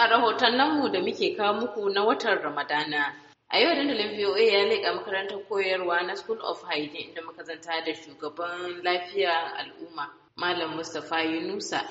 a rahotanninmu da muke kawo muku na watan Ramadana. A yau dandalin VOA ya leƙa makarantar koyarwa na School of Hygiene inda muka zanta da shugaban lafiya al'umma Malam Mustapha Yunusa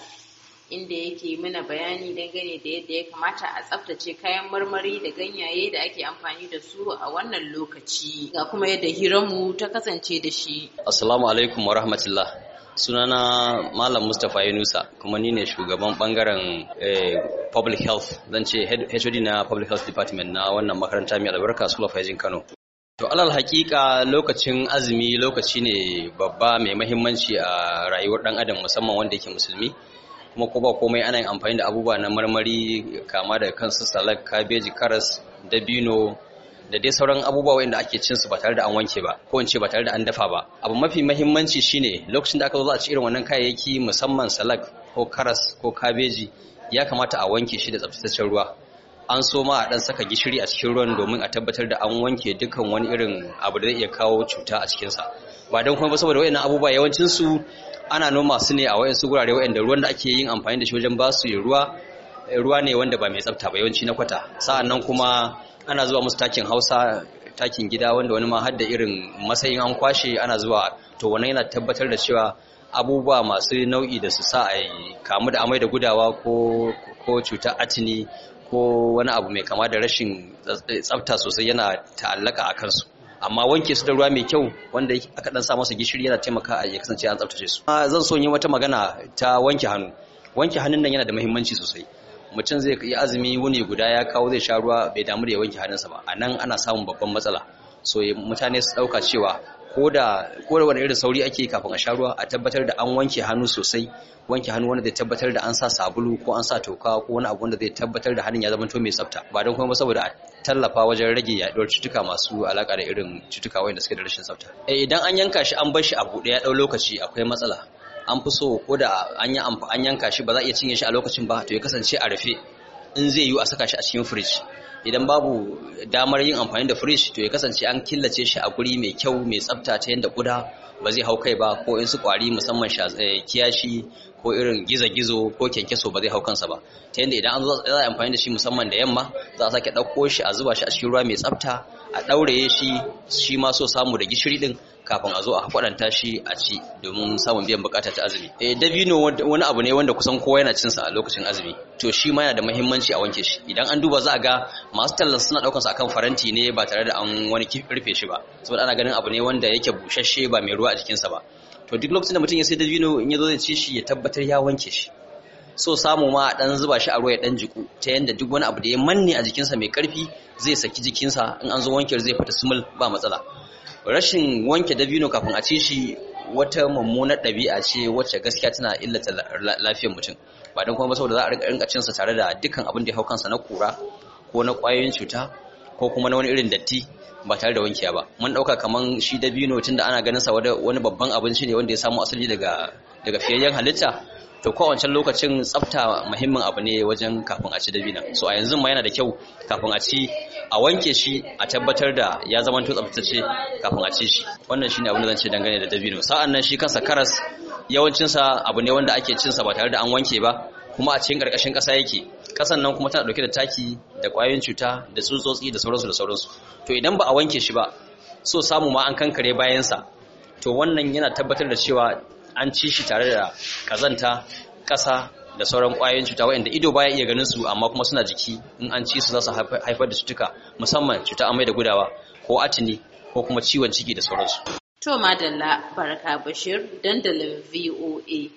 inda yake mana bayani dangane da yadda ya kamata a tsaftace kayan marmari da ganyaye da ake amfani da su a wannan lokaci ga kuma yadda hiranmu ta kasance da shi. Assalamu alaikum wa rahmatullah. sunana malam mustapha yunusa kuma ni ne shugaban bangaren eh, public health zan ce hod na public health department na wannan makaranta mai albarka school of hygiene kano to alal hakika lokacin azumi lokaci ne babba mai mahimmanci a rayuwar dan adam musamman wanda yake musulmi kuma ko ba komai ana yin amfani da abubuwa na marmari kama da kansu salak kabeji karas dabino da dai sauran abubuwa wanda ake cin su ba tare da an wanke ba ko in ce ba tare da an dafa ba abu mafi mahimmanci shine lokacin da aka zo za a ci irin wannan kayayyaki musamman salak ko karas ko kabeji ya kamata a wanke shi da tsaftataccen ruwa an so ma a dan saka gishiri a cikin ruwan domin a tabbatar da an wanke dukkan wani irin abu da zai iya kawo cuta a cikin sa ba don kuma ba saboda wayannan abubuwa yawancin su ana noma su ne a wayansu gurare wayanda ruwan da ake yin amfani da shi wajen basu su ruwa ruwa ne wanda ba mai tsafta ba yawanci na kwata sa'annan kuma ana zuwa musu takin hausa takin gida wanda wani ma har da irin matsayin an kwashe ana zuwa to wannan yana tabbatar da cewa abubuwa masu nau'i da su sa a kamu da amai da gudawa ko ko cutar atini ko wani abu mai kama da rashin tsafta sosai yana ta'allaka a kansu amma wanke su da ruwa mai kyau wanda aka dan sa masa gishiri yana taimaka a ya kasance an tsaftace su zan so yi wata magana ta wanke hannu wanke hannun nan yana da muhimmanci sosai mutum zai yi azumi wuni guda ya kawo zai sha ruwa bai damu da ya wanke ba a nan ana samun babban matsala so mutane su ɗauka cewa ko da wani irin sauri ake kafin a sha ruwa a tabbatar da an wanke hannu sosai wanke hannu wanda zai tabbatar da an sa sabulu ko an sa toka ko wani abu wanda zai tabbatar da hannun ya zama mai tsafta ba don kuma saboda a tallafa wajen rage yaduwar cutuka masu alaka da irin cutuka wanda suke da rashin tsafta eh, idan an yanka shi an bar shi a buɗe ya ɗau lokaci akwai matsala an fi so ko da an yi an yanka shi ba za a iya cinye shi a lokacin ba to ya kasance a rufe in zai yiwu a saka shi a cikin fridge idan babu damar yin amfani da fridge to ya kasance an killace shi a guri mai kyau mai tsafta ta yadda kuda ba zai hau kai ba ko in su kwari musamman eh, kiyashi ko irin gizo-gizo ko kyankyaso ba zai hau kansa ba ta yadda idan an za a amfani da shi musamman da yamma za a sake ɗauko shi a zuba shi a cikin ruwa mai tsafta a ɗauraye shi shi ma so samu da gishiri din kafin a zo a kwaɗanta shi a ci domin samun biyan bukata ta azumi eh dabino wani abu ne wanda kusan kowa yana cinsa a lokacin azumi to shi ma yana da muhimmanci a wanke shi idan an duba za a ga masu tallan suna ɗaukansa sa akan faranti ne ba tare da an wani rufe shi ba saboda ana ganin abu ne wanda yake bushashe ba mai ruwa a jikinsa ba to duk lokacin da mutum ya sai dabino in ya zo zai ci shi ya tabbatar ya wanke shi so samu ma a dan zuba shi a ruwa ya dan jiku ta yadda duk wani abu da ya manne a jikinsa mai karfi zai saki jikinsa in an zo wanke zai fita sumul ba matsala rashin wanke dabino kafin a ci shi wata mummunar ɗabi'a ce wacce gaskiya tana illata lafiyar mutum ba don kuma saboda za a rinka cin sa tare da dukkan abin da ya hau kansa na kura ko na ƙwayoyin cuta ko kuma na wani irin datti ba tare da wankiya ba mun ɗauka kaman shi dabino tun da ana ganin sa wani babban abinci ne wanda ya samu asali daga daga fiyayyen halitta to ko wancan lokacin tsafta muhimmin abu ne wajen kafin a ci dabinan so a yanzu ma yana da kyau kafin a ci a wanke shi a tabbatar da ya zama to tsaftace kafin a ci shi wannan shine abin da zan ce dangane da dabino sa'an nan shi kansa karas yawancin sa abu ne wanda ake cin sa ba tare da an wanke ba kuma a cikin karkashin kasa yake kasan nan kuma tana dauke da taki da kwayoyin cuta da tsutsotsi da sauransu da sauransu to idan ba a wanke shi ba so samu ma an kankare bayan sa to wannan yana tabbatar da cewa an ci shi tare da kazanta ƙasa da sauran ƙwayoyin cuta waɗanda ido baya iya ganin su amma kuma suna jiki in an ci su za su haifar da cutuka musamman cuta amai da gudawa ko atini ko kuma ciwon ciki da sauransu. To Madalla Baraka Bashir dandalin VOA.